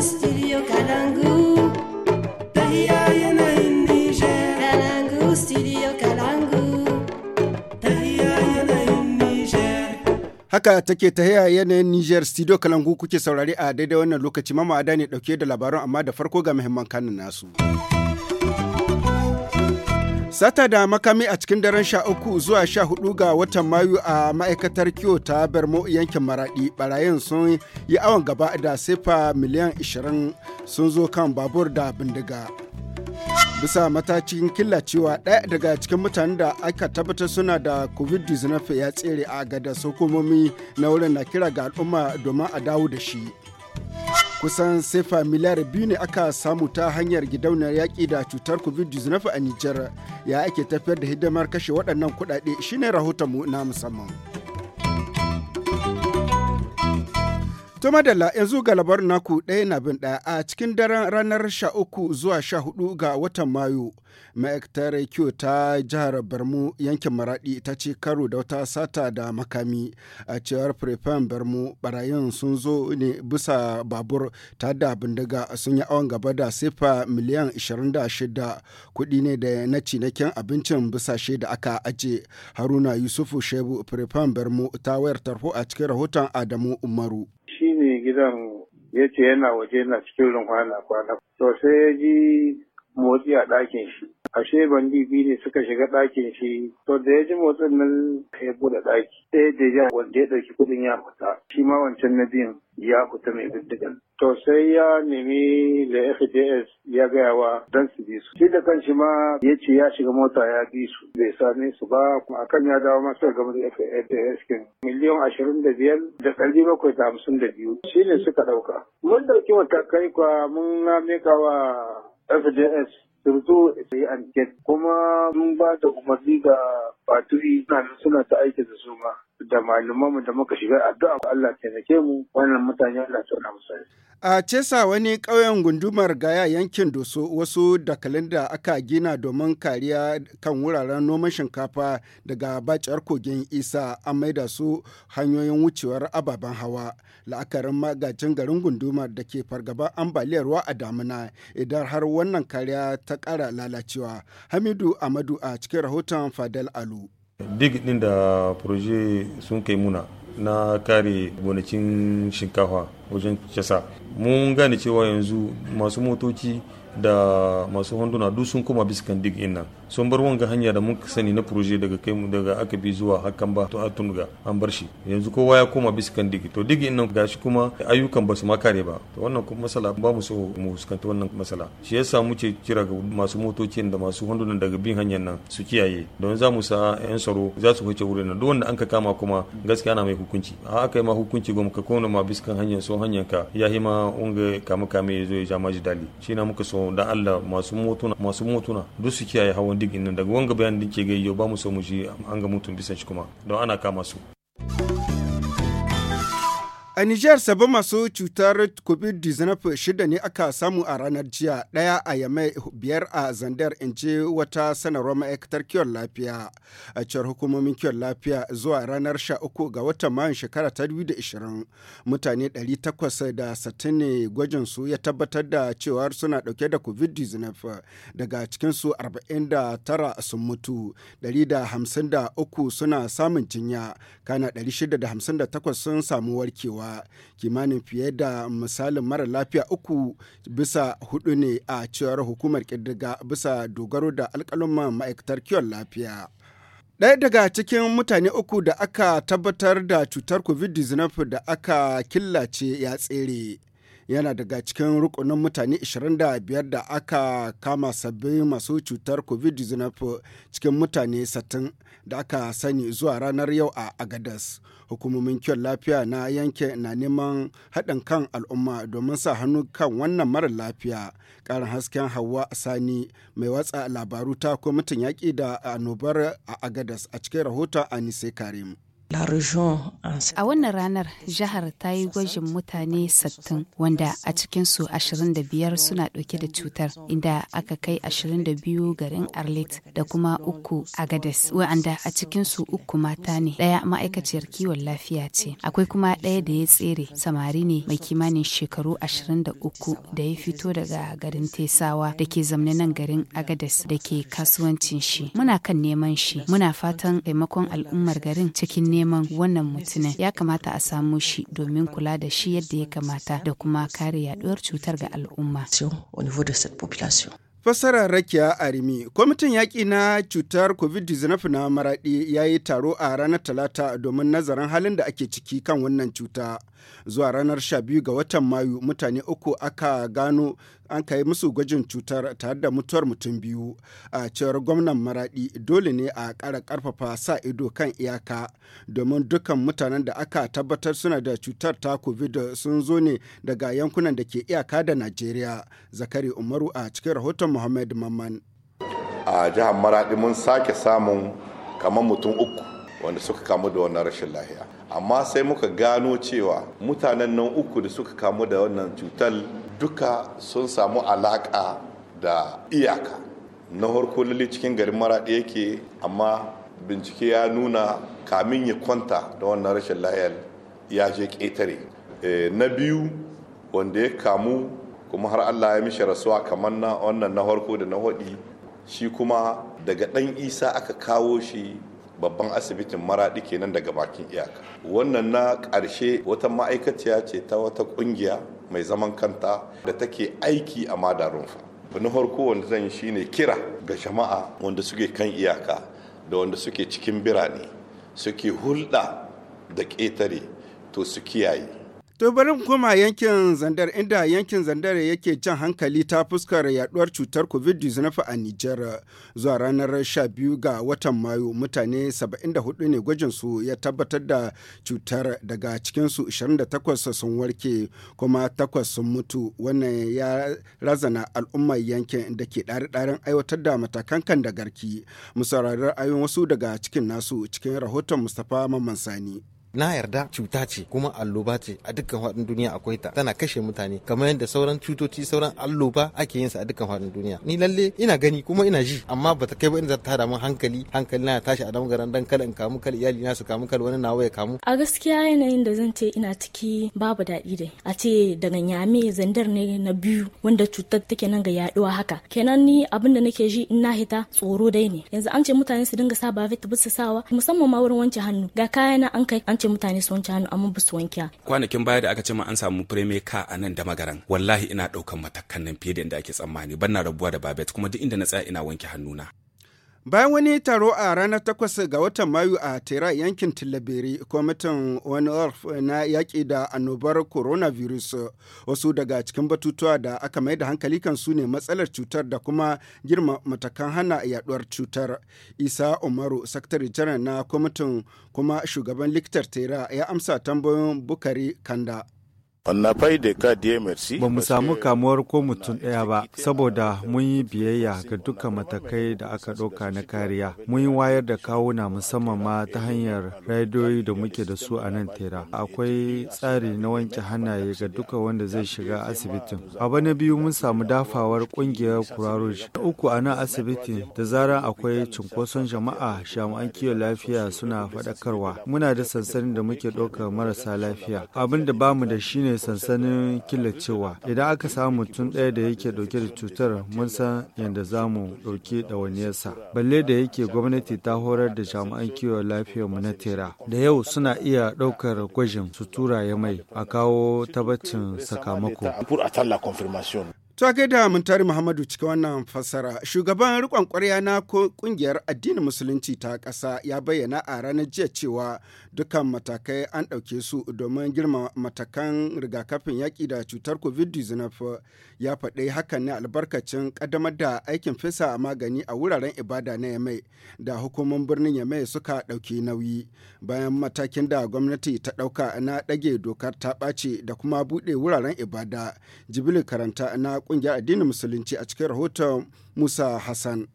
studio Haka take ta haya yanayin Niger studio Kalangu kuke saurari a daidai wannan lokaci mama ada ne dauke da labaran amma da farko ga muhimman kanin nasu. Sata da makami a cikin daren sha uku zuwa sha hudu ga watan Mayu a ma'aikatar kiwo ta Bermo yankin Maradi barayin sun yi awon gaba da sefa miliyan 20 sun zo kan babur da bindiga. Bisa matakin killacewa ɗaya daga cikin mutanen da aka tabbatar suna da COVID-19 ya tsere a gada hukumomi na wurin na kira ga al'umma domin a dawo da shi. kusan sefa miliyar biyu ne aka samu ta hanyar gidauniyar yaƙi da cutar covid-19 a nijar ya ake tafiyar da hidimar kashe waɗannan kuɗaɗe shine mu na musamman. To madalla yanzu ga labarin naku ɗaya na bin ɗaya a cikin daren ranar sha uku zuwa sha hudu ga watan Mayu, ma'aikatar kyau ta jihar Barmu yankin maraɗi ta ce karo da wata sata da makami a cewar Prefem Barmu barayin sun zo ne bisa babur ta da bindiga sun yi awon gaba da sifa miliyan 26 kuɗi ne da na cinikin abincin bisashe da aka aje Haruna Yusufu Shebu Prefem Barmu ta wayar tarho a cikin rahoton Adamu Umaru. shi ne gidan ya ce yana waje na cikin rumfa na kwana. To sai ya ji motsi a ɗakin shi. ashe bandi biyu ne suka shiga ɗakin shi to da ya ji motsin nan ya buɗe ɗaki sai da ya wanda ya ɗauki kuɗin ya fita shi ma wancan na biyan, ya fita mai bindigan to sai ya nemi da FDS ya gaya wa dan su bi su shi da kanshi ma ya ce ya shiga mota ya bi su bai same su ba kuma akan ya dawo masu game da FDS kin miliyan ashirin da biyar da ɗari bakwai da hamsin da biyu shi ne suka ɗauka mun ɗauki matakai kwa mun na wa FDS sun zo su yi anket kuma mun ba da umarni ga baturi suna ta aiki da su ma. da mu da muka shiga addu'a Allah taimake mu wannan mutane Allah tona musu. A Cesa wani ƙauyen gundumar gaya yankin Doso wasu dakalin da aka gina domin kariya kan wuraren noman shinkafa daga bacar kogin isa an maida su hanyoyin wucewar ababen hawa. La'akarin magajin garin gundumar da ke fargabar ambaliyar ruwa a damina idan har wannan kariya ta ƙara lalacewa. Hamidu Amadu a cikin rahoton Fadel Alu. dig din da proje sun kai muna na kare gonakin shinkafa wajen casa mun gane cewa yanzu masu motoci da masu honduna duk sun koma biskan dig in nan sun bar wanga hanya da mun sani na proje daga kai daga aka bi zuwa hakan ba to atunga an bar shi yanzu kowa ya koma biskan dig to dig in nan gashi kuma ayyukan ba su ma kare ba to wannan kuma masala ba mu so mu fuskanta wannan masala shi yasa muke kira ga masu motoci da masu hunduna daga bin hanyar nan su kiyaye don za mu sa yan tsaro za su huce wurin nan duk wanda an ka kama kuma gaskiya na mai hukunci a aka yi ma hukunci gwamnati ka kona ma biskan hanyar so hanyar ka ya hima unge unga kame kame ya zo ya ja maji dali shi na muka so da Allah masu motuna masu motuna duk su kiyaye hawan digin nan daga wanga bayan da ke gayyo ba mu so mu ji an ga mutum bisan shi kuma don ana kama su A Nijar sabon masu cutar COVID-19 shida ne aka samu a ranar jiya ɗaya a Yamai biyar a Zandar in ce wata sanarwar ma'aikatar kiwon lafiya a cewar hukumomin kiwon lafiya zuwa ranar sha uku ga watan Mayun shekara ta 2020 mutane 860 ne gwajin su ya tabbatar da cewar suna ɗauke da COVID-19 daga cikinsu 49 sun mutu 153 suna samun jinya kana 658 sun samu warkewa. ba kimanin fiye da misalin mara lafiya uku bisa hudu ne a cewar hukumar kidiga bisa dogaro da alkalumman ma'aikatar kiwon lafiya. Ɗaya daga cikin mutane uku da aka tabbatar da cutar COVID-19 da aka killace ya tsere. yana daga cikin rukunin mutane 25 da aka kama sabbin masu cutar covid-19 cikin mutane 60 da aka sani zuwa ranar yau a agadas hukumomin kyau lafiya na yanke na neman haɗin kan al'umma domin sa hannu kan wannan mara lafiya ƙarin hasken hawa sani mai watsa labaru ta kwamitin yaƙi da annobar a agadas a cikin rahoton anise karim A wannan ranar jihar ta yi gwajin mutane 60 wanda a cikinsu 25 suna ɗauke da cutar inda aka kai 22 garin Arlit da kuma uku a Gades wa'anda a cikinsu uku mata ne ɗaya ma'aikaciyar kiwon lafiya ce. Akwai kuma ɗaya da ya tsere samari ne mai kimanin shekaru 23 da ya fito daga garin Tesawa da ke zamne nan garin Agades da ke kasuwancin shi. Muna kan neman shi muna fatan taimakon al'ummar garin cikin neman wannan mutumin ya kamata a samu shi domin kula da shi yadda ya kamata da kuma kare yaduwar cutar ga al'umma. Fassara Rakiya Arimi, kwamitin yaƙi na cutar COVID-19 na maraɗi ya yi taro a ranar Talata domin nazarin halin da ake ciki kan wannan cuta. Zuwa ranar 12 ga watan Mayu mutane uku aka gano an kai musu gwajin cutar tare da mutuwar mutum biyu a cewar gwamnan maradi dole ne a kara karfafa sa ido kan iyaka domin dukkan mutanen da aka tabbatar suna da cutar ta covid sun zo ne daga yankunan da ke iyaka da najeriya zakari umaru a cikin rahoton muhammad mamman a jihar maradi mun sake samun kamar mutum uku wanda suka kamu da wannan rashin lahiya amma sai muka gano cewa mutanen nan uku da suka kamu da wannan cutar duka sun samu alaƙa da iyaka na harko lili cikin garin maraɗi yake amma bincike ya nuna kamin ya kwanta da wannan rashin layar ya je ƙetare eh, na biyu wanda ya kamu kuma har allah ya mishi rasuwa kamar na wannan na harko da na hudi shi kuma daga ɗan isa aka kawo shi babban asibitin maraɗi kenan daga bakin iyaka wannan na ƙarshe wata ma'aikaciya ce ta wata ƙungiya mai zaman kanta da take aiki a rumfa. na farko wanda zan yi shine kira ga jama'a wanda suke kan iyaka da wanda suke cikin birane suke hulɗa da ƙetare to su kiyaye To bari kuma yankin zandar inda yankin zandar yake jan hankali ta fuskar yaduwar cutar COVID-19 a Nijar zuwa ranar 12 ga watan Mayu mutane 74 ne gwajin su ya tabbatar da cutar daga cikin su 28 sun warke kuma 8 sun mutu wannan ya razana al'ummar yankin da ke ɗari-ɗarin aiwatar da matakan kan da garki. Musararar ayon wasu daga cikin nasu cikin rahoton Mustapha Mamman Sani. na yarda cuta ce kuma alloba ce a dukkan faɗin duniya akwai ta tana kashe mutane kamar yadda sauran cutoci sauran alloba ake yin sa a dukkan faɗin duniya ni lalle ina gani kuma ina ji amma bata kai ba inda ta tada min hankali hankali na ya tashi a garan dan kalan in kamu kal iyali na su kamu kal wani nawa ya kamu a gaskiya yanayin da zan ce ina ciki babu daɗi dai a ce daga nyame zandar ne na biyu wanda cutar take nan ga yaduwa haka kenan ni abin da nake ji in hita tsoro dai ne yanzu an ce mutane su dinga sa ba su sawa musamman ma wurin wanke hannu ga kayana an kai an ce mutane su wanke hannu amma ba su wanke kwanakin baya da aka ce ma an samu premier ka a nan da magaran wallahi ina ɗaukan matakan nan fiye da inda ake tsammani ban na rabuwa da babet kuma duk inda na tsaya ina wanke hannuna Bayan wani taro a ranar takwas ga watan Mayu a Tera yankin Tillaberi, kwamitin ONURF na yaƙi da annobar coronavirus wasu daga cikin batutuwa da aka mai da hankali kan su ne matsalar cutar da kuma girma matakan hana yaduwar cutar. Isa Umaru, sakatare janar na kwamitin kuma shugaban likitar Tera ya amsa tambayoyin Bukari Kanda. Ba mu samu kamuwar ko mutum ɗaya ba, saboda mun yi biyayya ga dukkan matakai da aka ɗauka na kariya. Mun yi wayar da kawuna musamman ma ta hanyar radiyoyi da muke da su a nan tera. Akwai tsari na wanke hannaye ga duka wanda zai shiga asibitin. Abu na biyu mun samu dafawar ƙungiyar Croix Na uku a nan asibitin da zarar akwai cunkoson jama'a, jami'an kiwon lafiya suna faɗakarwa. Muna da sansanin da muke ɗaukar marasa lafiya. Abin da bamu da shine mai sansanin killacewa idan aka samu mutum ɗaya da yake ɗauke da cutar mun san yadda za mu ɗauki yasa balle da yake gwamnati ta horar da jami'an kiwon lafiyar mu na tera da yau suna iya ɗaukar gwajin su tura ya mai a kawo tabbacin sakamako To da Muntari Muhammadu cikin wannan fassara, shugaban rikon kwarya na ƙungiyar addinin musulunci ta ƙasa ya bayyana a ranar jiya cewa dukkan matakai an ɗauke su domin girma matakan rigakafin yaƙi da cutar COVID-19 ya faɗi hakan ne albarkacin ƙaddamar da aikin fesa magani a wuraren ibada na Yamai da hukumomin birnin Yamai suka ɗauki nauyi. Bayan matakin da gwamnati ta ɗauka na ɗage dokar ta ɓace da kuma buɗe wuraren ibada, jibilin karanta na kungiyar addinin musulunci a cikin rahoton Musa Hassan.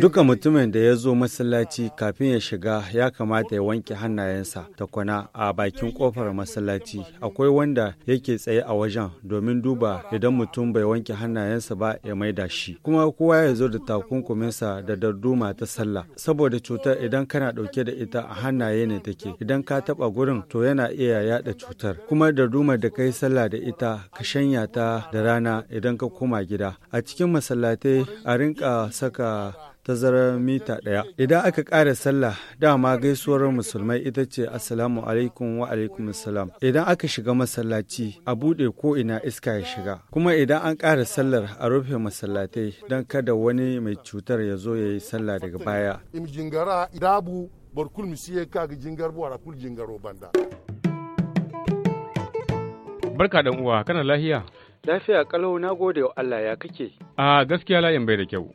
Duka mutumin da ya zo masallaci kafin ya shiga ya kamata ya wanke hannayensa ta kwana a bakin kofar masallaci. Akwai wanda yake tsaye a wajen domin duba idan mutum bai wanke hannayensa ba ya maida shi. Kuma kowa ya zo da takunkuminsa da darduma ta sallah. Saboda cutar idan kana dauke da ita a hannaye ne take. Idan ka taba gurin to yana iya yada cutar. Kuma darduma da kai sallah da ita ka shanya ta da rana idan ka koma gida. A cikin masallatai a rinka saka tazarar mita ɗaya. Idan aka ƙara sallah dama gaisuwar musulmai ita ce assalamu alaikum wa alaikum salam. Idan aka shiga masallaci a buɗe ko ina iska ya shiga. Kuma idan an ƙara sallar a rufe masallatai don kada wani mai cutar ya zo ya yi sallah daga baya. Barka dan uwa kana lahiya? Lafiya kalau na gode wa Allah ya kake. A ah, gaskiya layin bai da kyau.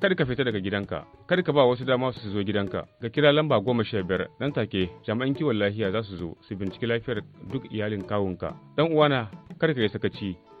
Kada ka fita daga gidanka, kada ka ba wasu dama su zo gidanka. Ka kira lamba goma sha biyar nan take jami'an kiwon lafiya za su zo su binciki lafiyar duk iyalin kawunka. Dan uwana, kada ka yi sakaci,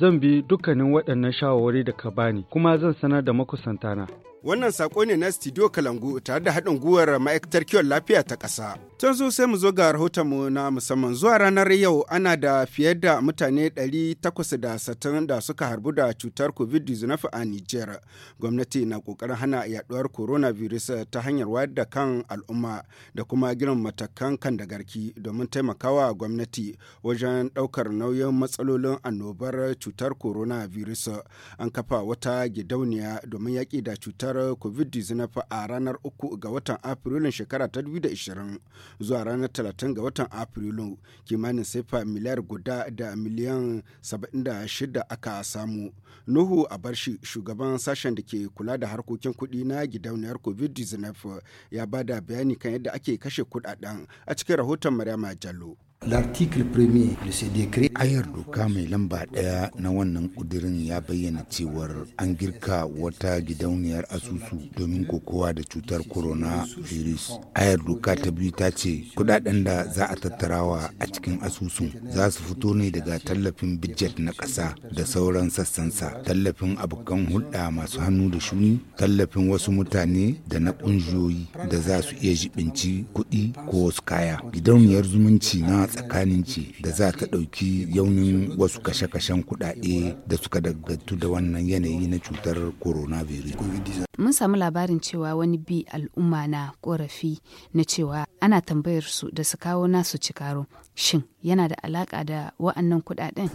Zan bi dukkanin waɗannan shawarwari da ka bani, kuma zan sanar da makusantana. Wannan saƙo ne na Studio Kalangu tare da haɗin gwiwar ma'aikatar kiwon lafiya ta ƙasa. Tun zo sai mu zo ga rahotonmu na musamman zuwa ranar yau ana da fiye da mutane ɗari takwas da da suka harbu da cutar COVID-19 a Nijar. Gwamnati na ƙoƙarin hana yaɗuwar Corona coronavirus ta hanyar wayar da kan al'umma da kuma girin matakan kan da garki domin taimakawa gwamnati wajen ɗaukar nauyin matsalolin annobar cutar coronavirus. An kafa wata gidauniya domin yaƙi da cutar cutar covid-19 a ranar 3 ga watan afrilun shekara ta 2020 zuwa ranar 30 ga watan afrilun kimanin sefa miliyar guda da miliyan 76 aka samu nuhu shi shugaban sashen da ke kula da harkokin kuɗi na gidauniyar covid-19 ya bada bayani kan yadda ake kashe kuɗaɗen a cikin rahoton maryama jallo L'article premier de ce décret. Ayar doka mai lamba ɗaya na wannan ƙudirin ya bayyana cewar an girka wata gidauniyar asusu domin kokowa da cutar corona virus. Ayar doka ta biyu ta ce kudaden da za a tattarawa a cikin asusun za su fito ne daga tallafin bidjet na ƙasa da sauran sassansa, tallafin abokan hulɗa masu hannu da shuni, tallafin wasu mutane da na ƙungiyoyi da za su iya jibinci kuɗi ko wasu kaya. Gidauniyar zumunci na tsakanin ci da za ta ɗauki yaunin wasu kashe-kashen kuɗaɗe da suka dagantu da wannan yanayi na cutar coronavirus. Mun samu labarin cewa wani bi al'umma na korafi na cewa ana tambayar su da su kawo nasu cikaro. Shin yana da alaƙa da wa'annan kuɗaɗen?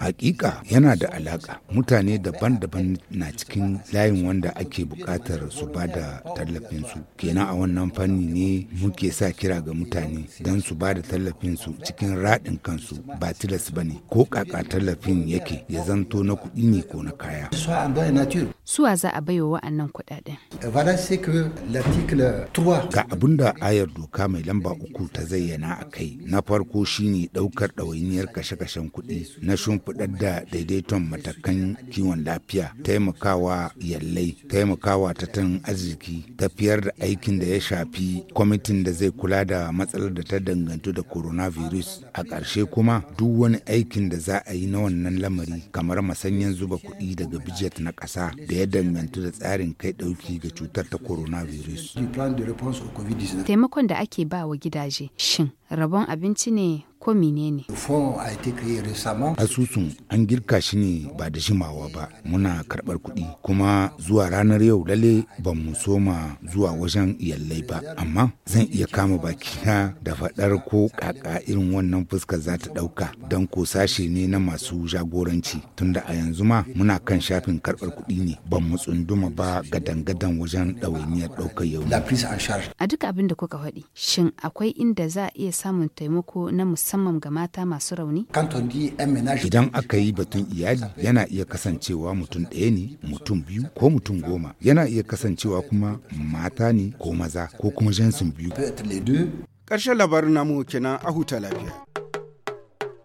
Hakika yana da alaƙa. Mutane daban-daban na cikin layin wanda ake buƙatar su ba da tallafinsu. Kenan a wannan fanni ne muke sa kira ga mutane don su ba da tallafinsu kansu cikin raɗin kansu ba tilas ba ne ko kaka tallafin yake ya zanto na kuɗi ne ko na kaya. Suwa za a baiwa wa'annan kuɗaɗen. Eh, Ga abin da ayar doka mai lamba uku ta zayyana a kai na farko shine ɗaukar ɗawainiyar kashe-kashen kuɗi na shimfiɗar da daidaiton matakan kiwon lafiya taimakawa yallai taimakawa tattalin arziki tafiyar da aikin da ya shafi kwamitin da zai kula da matsalar da ta dangantu da coronavirus coronavirus a ƙarshe kuma duk wani aikin da za a yi na wannan lamari kamar masanyan zuba kuɗi daga bijet na ƙasa da ya danganta da tsarin kai ɗauki ga cutar ta coronavirus taimakon da ake ba wa gidaje shin rabon abinci ne ko menene asusun an girka shi ne ba da shimawa ba muna karɓar kuɗi kuma zuwa ranar yau lalle ba mu soma zuwa wajen iyalai ba amma zan iya kama bakina da faɗar ko kaka irin wannan fuskar za ta ɗauka don ko sashe ne na masu jagoranci tunda a yanzu ma muna kan shafin karɓar kuɗi ne ba mu tsunduma ba gadan-gadan wajen ɗawainiyar ɗaukar yau a duk abin da kuka faɗi shin akwai inda za a iya samun taimako na musamman musamman ga mata masu rauni? Idan aka yi batun iyali yana iya kasancewa mutum ɗaya ne, mutum biyu ko mutum goma. Yana iya kasancewa kuma mata ne ko maza ko kuma jinsin biyu. Ƙarshen labarin namu kenan a huta lafiya.